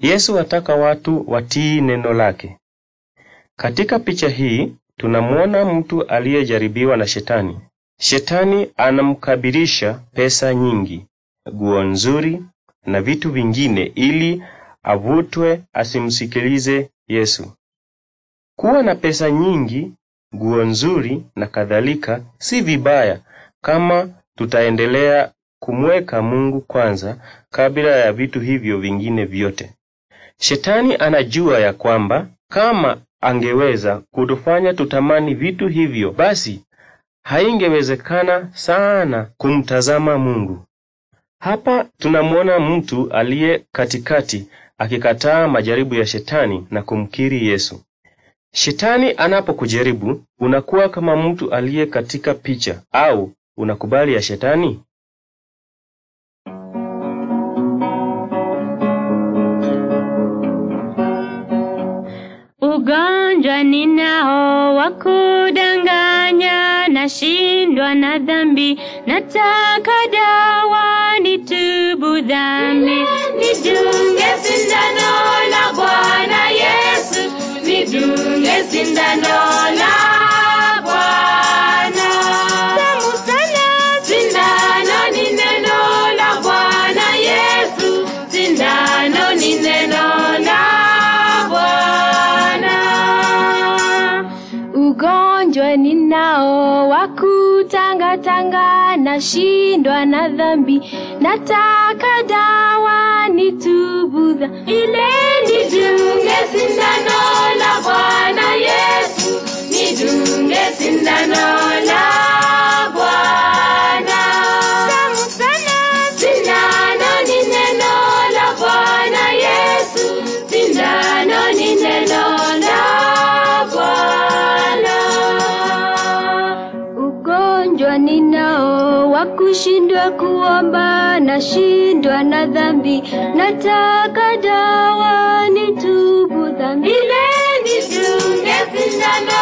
Yesu ataka watu watii neno lake. Katika picha hii tunamwona mtu aliyejaribiwa na shetani. Shetani anamkabirisha pesa nyingi, nguo nzuri na vitu vingine ili avutwe asimsikilize Yesu. Kuwa na pesa nyingi, nguo nzuri na kadhalika si vibaya kama tutaendelea kumweka Mungu kwanza kabla ya vitu hivyo vingine vyote. Shetani anajua ya kwamba kama angeweza kutufanya tutamani vitu hivyo basi haingewezekana sana kumtazama Mungu. Hapa tunamwona mtu aliye katikati akikataa majaribu ya shetani na kumkiri Yesu. Shetani anapokujaribu unakuwa kama mtu aliye katika picha au unakubali ya shetani? Ugonjwa ninao wa kudanganya, nashindwa na dhambi, nataka dawa nitubu dhambi. Nidunge sindano la Bwana Yesu, nidunge sindano la ninao wakutangatanga, nashindwa na dhambi, nataka dawa nitubudha ile nijuge amani nao, kushindwa kuomba, nashindwa na dhambi, nataka dawa, nitubu dhambi. Milele nitunge sindano